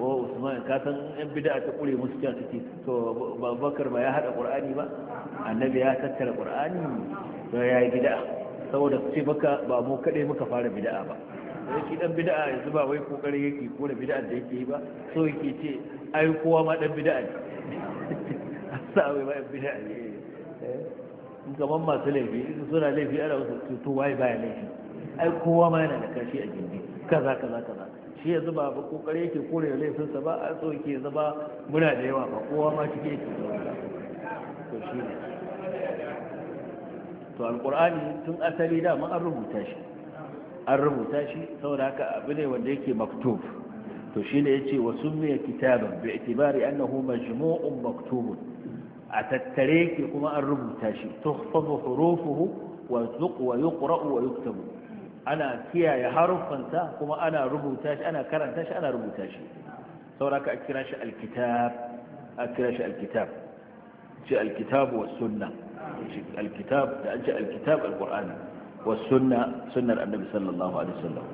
ko usman ka san yan bida'a ta kure musu cewa suke to abubakar ba ya haɗa ƙur'ani ba annabi ya tattara ƙur'ani to ya yi bida'a saboda ce maka ba mu kaɗai muka fara bida'a ba yake dan bida'a yanzu ba wai kokari yake ko da bida'a da yake yi ba so yake ce ai kowa ma dan bida'a ne sa wai ba bida'a ne eh, kamar masu laifi su suna laifi ana wasu to wai baya laifi ai kowa ma yana da kashi a gindi kaza kaza kaza shi yanzu ba ba kokari yake kore da laifinsa ba a so yake zama muna da yawa ba kowa ma shi yake da to shi ne to alkur'ani tun asali dama an rubuta shi an rubuta shi saboda haka abu ne wanda yake maktub to shi ne ya ce wa summiya kitaban bai itibari annahu majmu'un maktubun a tattare ke kuma an rubuta shi tuhfazu hurufuhu wa tuqu wa wa yuktabu ana kiyaye haruffanta kuma ana rubuta shi ana karanta shi ana rubuta shi saboda haka a kira shi alkitab a kira shi alkitab ce alkitabu wa sunna. alkitab da an ce alkitab alqur'ani was sunna sunnar annabi sallallahu alaihi wasallam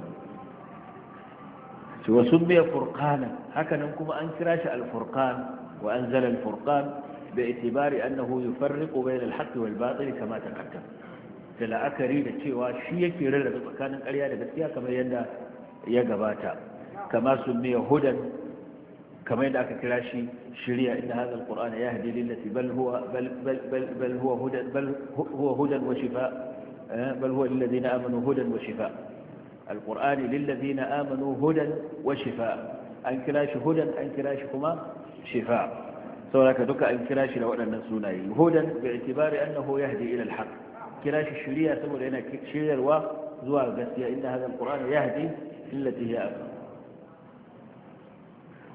shi wa sumiya furqana haka nan kuma an kira shi alfurqan wa anzala alfurqan باعتبار أنه يفرق بين الحق والباطل كما تقدم فلأكري لتشيوى شيء كيرل كان الأرياء لبسيا كما يندى يقباتا كما سمي هدى كما يندى كراشي شريع إن هذا القرآن يهدي للتي بل هو بل بل بل بل هو هدى بل هو هدى وشفاء بل هو للذين آمنوا هدى وشفاء القرآن للذين آمنوا هدى وشفاء أن كلاش هدى أن كلاشكما شفاء سواء كدك أن كلاش لو أن نسونا هدى باعتبار أنه يهدي إلى الحق كلاش الشريع سمو لنا شريع الواقع زوال قسيا إن هذا القرآن يهدي للتي هي أكبر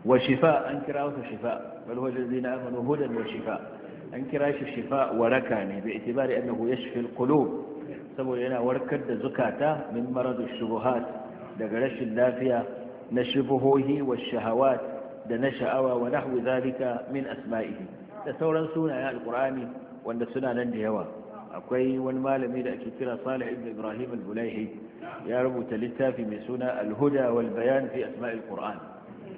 وشفاء أن كراوه شفاء بل هو الذين آمنوا هدى وشفاء أن كراوه الشفاء وركاني يعني باعتبار أنه يشفي القلوب سبب لنا وركد زكاتا من مرض الشبهات لقرش اللافية هي والشهوات دنشأوى ونحو ذلك من أسمائه لثورا سنة يا القرآن وأن سنة ننجيوا akwai والمال malami da ake kira salih ibn ibrahim al-bulaihi ya rubuta littafi mai suna al-huda wal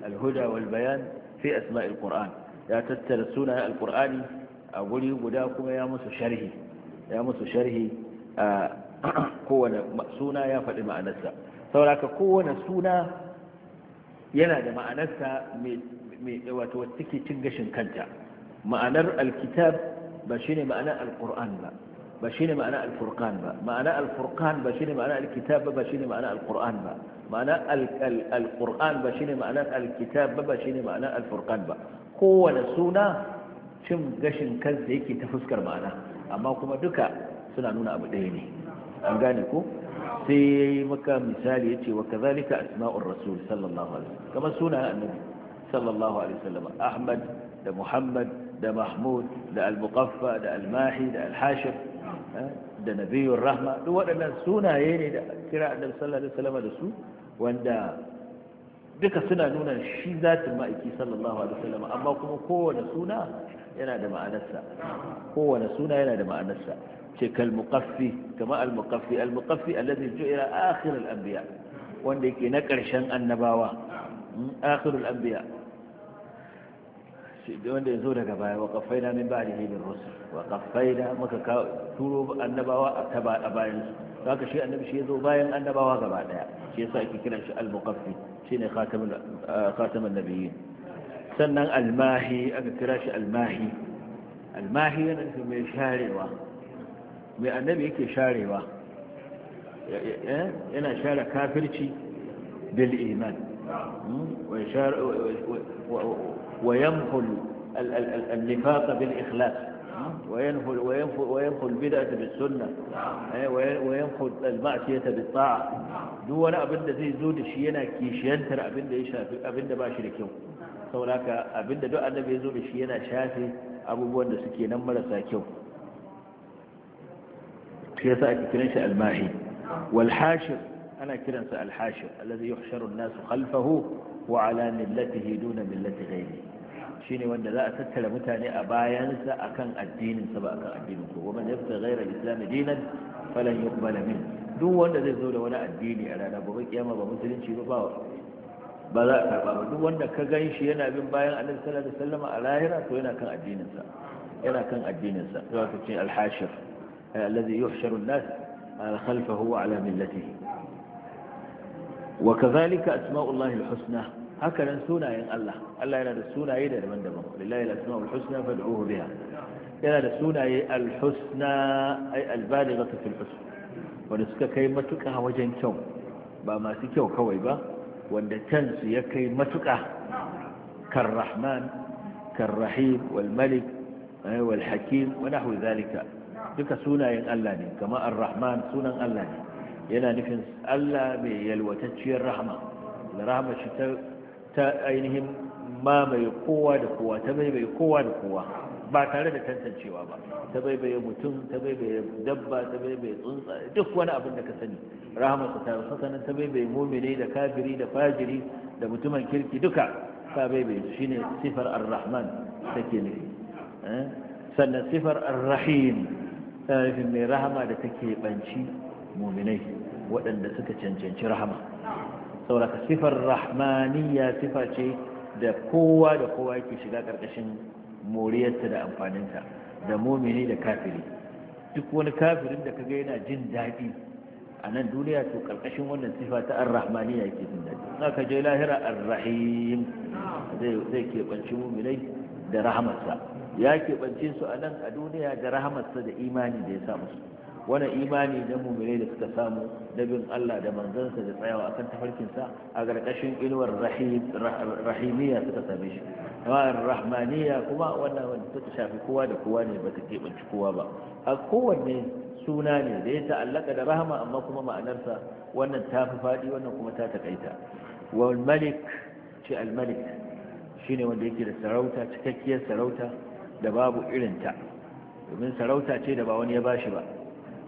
alhuda wal bayan fi asma'il qur'an ya tattara sunayen alqur'ani a wuri guda kuma ya musu sharhi ya a suna ya faɗi ma'anarsa sauraka kowane suna yana da ma'anarsa mai wato wacce cin gashin kanta ma'anar alkitab ba shine ma'anar alqur'an ba بشين معنى الفرقان بقى معنى الفرقان بشين معنى الكتاب بشين معنى القرآن بقى معنى القرآن بشين معنى الكتاب بشين معنى الفرقان بقى قوة لسونا شم قشن كذيكي تفسكر معنى أما كما دكا سنانونا أبو ديني أنقانكو في مكان مثال يتي وكذلك أسماء الرسول صلى الله عليه وسلم كما سونا النبي صلى الله عليه وسلم أحمد ده محمد ده محمود ده المقفى ده الماحي ده الحاشر da nabiyur rahma duk waɗannan sunaye ne da kira annabi sallallahu alaihi da su wanda duka suna nuna shi zatin ma'aiki sallallahu alaihi wasallam amma kuma kowane suna yana da ma'anarsa kowane suna yana da ma'anarsa ce kal muqaffi kama al muqaffi al muqaffi alladhi ju'ila akhir al anbiya wanda yake na karshen annabawa hmm, akhir al anbiya da wanda ya zo daga baya wa kafai na min ba'di hibir rusul wa kafai na muka turo annabawa a bayan su ka shi annabi shi ya zo bayan annabawa gaba daya shi yasa ake kiran shi al-muqaffi shine khatamun ah, khatamun nabiyyin sannan al-mahi aka kira shi al-mahi al-mahi yana nufin mai sharewa mai annabi yake sharewa yana share kafirci bil iman hmm? ويمحو النفاق بالإخلاص وينهل وينفو وينفو البدعة بالسنة وينفو المعصية بالطاعة duk wani abin da zai zo da shi yana kishiyantar abin da ya shafi abin da ba shi da kyau sauraka abin da duk annabi ya zo da shi yana shafe abubuwan da suke nan marasa kyau shi yasa ake kiran shi almahi wal hashir ana kiransa al hashir allazi yuhsharu an-nasu khalfahu wa ala millatihi duna millati ghayrihi shine wanda za a tattara mutane a bayansa akan addinin sa ba akan addinin ko wanda ya fita ghairal islam dinan falan yuqbala min duk wanda zai zo da wani addini a ranar gobe kiyama ba musulunci ba ba ba za a karba ba duk wanda ka ganshi yana bin bayan annabi sallallahu alaihi wasallam a lahira to yana kan addinin sa yana kan addinin sa za ka ce al-hashir alladhi yuhsharu an-nas خلفه على ملته وكذلك أسماء الله الحسنى haka nan sunayen Allah Allah yana da sunaye da daban-daban lillahi al-asma'ul husna fad'uhu biha yana da sunaye al-husna ay al-balighatu fil husn wanda suka kai matuka wajen kyau ba masu kyau kawai ba wanda su ya kai matuka kan rahman kan rahim wal malik wal hakim wa nahwu zalika duka sunayen Allah ne kamar ar-rahman sunan Allah ne yana nufin Allah mai yalwatacciyar rahma da rahma shi ta ta ainihin mamaye kowa da kowa ta maimaye kowa da kowa ba tare da tantancewa ba ta maimaye mutum ta maimaye dabba ta maimaye tsuntsa duk wani abin da ka sani rahamarsa ta rusa sanan ta maimaye mumine da kafiri da fajiri da mutumin kirki duka ta maimaye shine sifar ar-rahman take ne eh? sannan sifar ar-rahim ta nufin mai rahama da take banci muminai waɗanda suka cancanci rahama sauraka sifar rahmaniya sifa ce da kowa da kowa yake shiga ƙarƙashin moriyarta da amfaninta da momini da kafiri duk wani kafirin da kaga yana jin daɗi a nan duniya to ƙarƙashin wannan sifa ta ar yake jin daɗi za ka je lahira ar zai keɓanci muminai da rahamarsa ya keɓance su a nan a duniya da rahamarsa da imani da ya sa musu wani imani na mumirai da suka samu da Allah da manzansa da tsayawa akan tafarkinsa a ƙarƙashin inuwar rahimiyya suka same shi rahmaniya kuma wannan wanda suka shafi kowa da kowa ne ba ta keɓanci kowa ba a kowanne suna ne da ya ta'allaka da rahama amma kuma ma'anarsa wannan ta fi faɗi wannan kuma ta taƙaita wal malik ce al malik shine wanda yake da sarauta cikakkiyar sarauta da babu irinta domin sarauta ce da ba wani ya bashi ba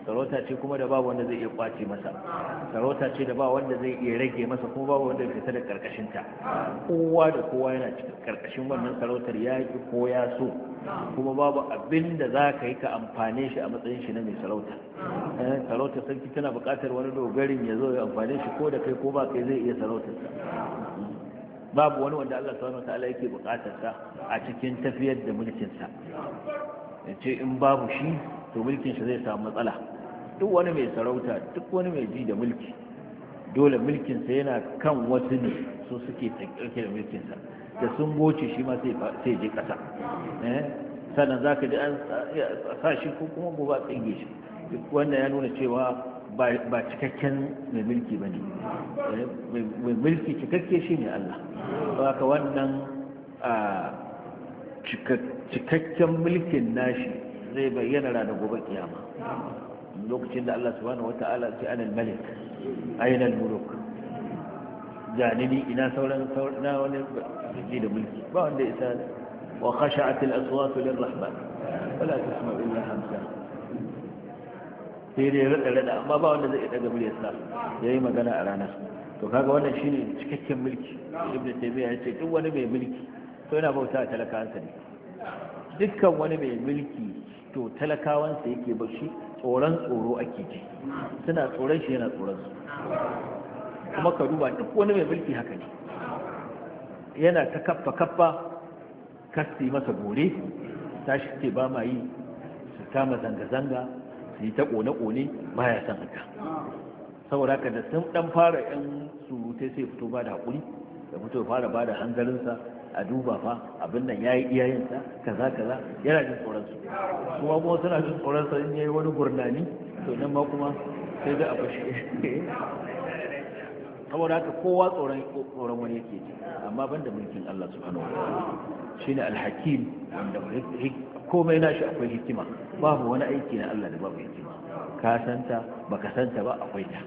sarauta ce kuma da ba wanda zai iya kwace masa sarauta ce da ba wanda zai iya rage masa kuma babu wanda zai fita da karkashinta kowa da kowa yana cikin karkashin wannan sarautar ya yi ko ya so kuma babu abin da za ka yi ka amfane shi a matsayin shi na mai sarauta eh, sarauta sarki tana buƙatar wani dogarin ya zo ya amfane shi ko da kai ko ba kai zai iya sarautarsa babu wani wanda Allah subhanahu wataala yake buƙatar sa a cikin tafiyar da mulkin sa. ce in babu shi to mulkin shi zai samu matsala duk wani mai sarauta duk wani mai ji da mulki dole mulkinsa yana kan wasu ne su suke tsakirke da mulkinsa da sun goce shi ma sai je ƙasa eh? sannan za ka ji an sa shi ko kuma gobe a tsinge shi duk wannan ya nuna cewa ba cikakken mai mulki ba ne eh? mai mulki cikakke shi ne Allah ba ka wannan cikakken mulkin nashi zai bayyana ranar gobe kiyama lokacin da Allah subhanahu wata'ala ce anal malik ainal muluk janini ina sauran na wani ji da mulki ba wanda isa wa khasha'at al aswat lir rahman wala tasma illa hamsa sai dai rada rada amma ba wanda zai daga muryarsa yayi magana a ranar to kaga wannan shine cikakken mulki ibnu taymiya yace duk wani mai mulki to yana bauta talakawansa ne dukkan wani mai mulki to talakawansa yake bashi tsoron tsoro ake kiki suna tsoron shi yana tsoron su kuma ka duba duk wani mai mulki haka ne yana ta kaffa kaffa kasti masa gore ta shi ce ba ma yi su kama zanga-zanga su yi ta kone-kone ba ya san haka saboda ka da sun dan fara yan surutai sai fito ba da haƙuri da fito fara ba da hanzarinsa a duba fa abin nan yayi iyayensa kaza kaza yana jin tsoron su kuma kuma suna jin tsoron sa in yayi wani gurnani to nan ma kuma sai da a fashe saboda haka kowa tsoron tsoron wani yake ji amma ban da mulkin Allah subhanahu wa ta'ala shine al wanda komai nashi akwai hikima babu wani aiki na Allah da babu hikima ka santa baka santa ba akwai ta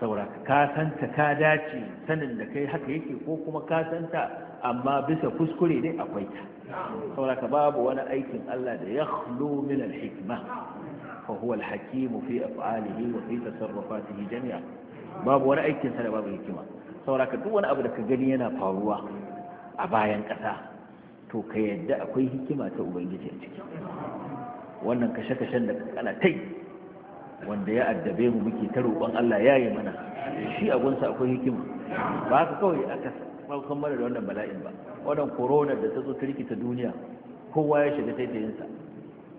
saboda ka ka dace sanin da kai haka yake ko kuma ka santa amma bisa kuskure ne akwai ta saboda babu wani aikin Allah da ya khlu min al-hikma fa al fi af'alihi wa fi tasarrufatihi jami'a babu wani aikin sa da babu hikima saboda duk wani abu da ka gani yana faruwa a bayan ƙasa to ka yadda akwai hikima ta ubangiji a ciki wannan kashe-kashen da kana tai wanda ya addabe mu muke ta roƙon Allah ya yi mana shi abunsa akwai hikima ba haka kawai aka saukan mara da wannan bala'in ba wannan corona da ta zo ta rikita duniya kowa ya shiga taitayinsa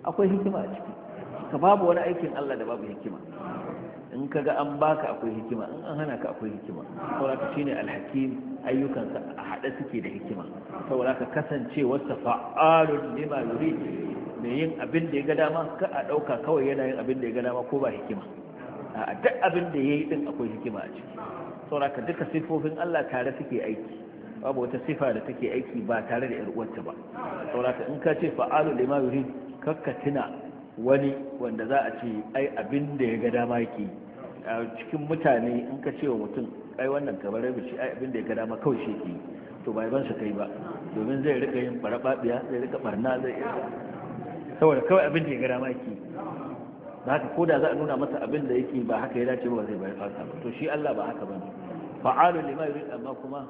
akwai hikima a ciki ka babu wani aikin Allah da babu hikima in ka ga an baka akwai hikima in an hana ka akwai hikima saboda ka shine alhakim ayyukansa a haɗe suke da hikima saboda ka kasance wasa fa'alun lima yuridu mai yin abin da ya ga dama ka a ɗauka kawai yana yin abin da ya ga dama ko ba hikima a duk abin da ya yi ɗin akwai hikima a ciki ka duka sifofin Allah tare suke aiki babu wata siffa da take aiki ba tare da yar uwarta ba ka in ka ce fa'alu ma yuri kakka tuna wani wanda za a ce ai abin da ya ga dama yake a cikin mutane in ka ce wa mutum ai wannan kamar rabi shi ai abin da ya ga dama kawai shi yi. to bai ban sa kai ba domin zai rika yin barababiya zai rika barna zai saboda kawai abin da ya gada maki yake da haka ko da za a nuna masa abin da yake ba haka ya dace ba zai bayar fasa ba to shi Allah ba haka bane fa'alu lima yurid amma kuma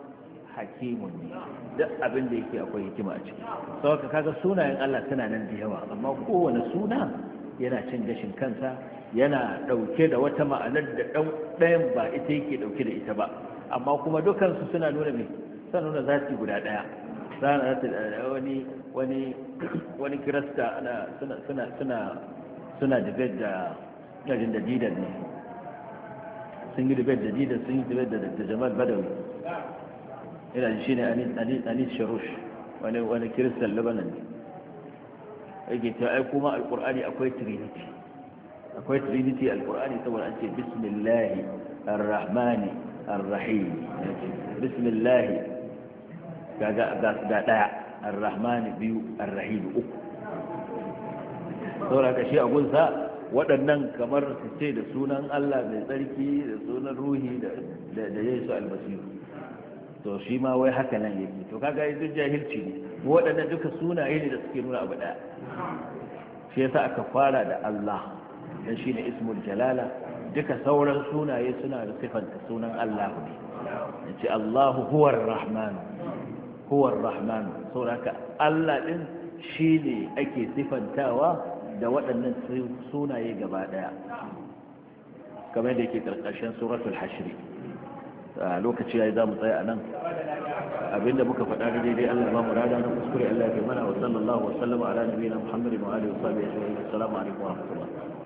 hakimun ne duk abin da yake akwai hikima a ciki saboda kaga sunayen Allah suna nan da yawa amma kowane suna yana cin gashin kansa yana dauke da wata ma'anar da dan ɗayan ba ita yake dauke da ita ba amma kuma dukansu suna nuna mai suna nuna zati guda daya da wani wani kirista ana suna suna da yajin da ne sun yi debate da didan sun yi da dr jamal badawi ina anis sharush wani kiristan lebanon yake ta ai kuma alkur'ani akwai trinity akwai trinity alkur'ani saboda an ce bismillahi arrahmani arrahim bismillahi ga daya ar-rahman biyu ar-rahim uku saboda a gunsa waɗannan kamar su ce da sunan Allah mai tsarki da sunan ruhi da da Yesu albasiru to shi ma wai haka nan yake to kaga yanzu jahilci ne waɗannan duka sunaye ne da suke nuna abu ɗaya shi yasa aka fara da Allah dan ne ismul jalala duka sauran sunaye suna da sifanta sunan Allah ne ce Allahu huwar rahman huwa rahman sauraka Allah din shi ne ake sifantawa da waɗannan sunaye gaba ɗaya kamar da ke ƙarƙashin suratul hashri a lokaci yayi zamu tsaya nan abinda muka faɗa da daidai Allah ba mu rada na kuskure Allah ya mana wa sallallahu wa sallama ala nabiyina Muhammadin wa alihi wa sahbihi assalamu alaikum wa rahmatullahi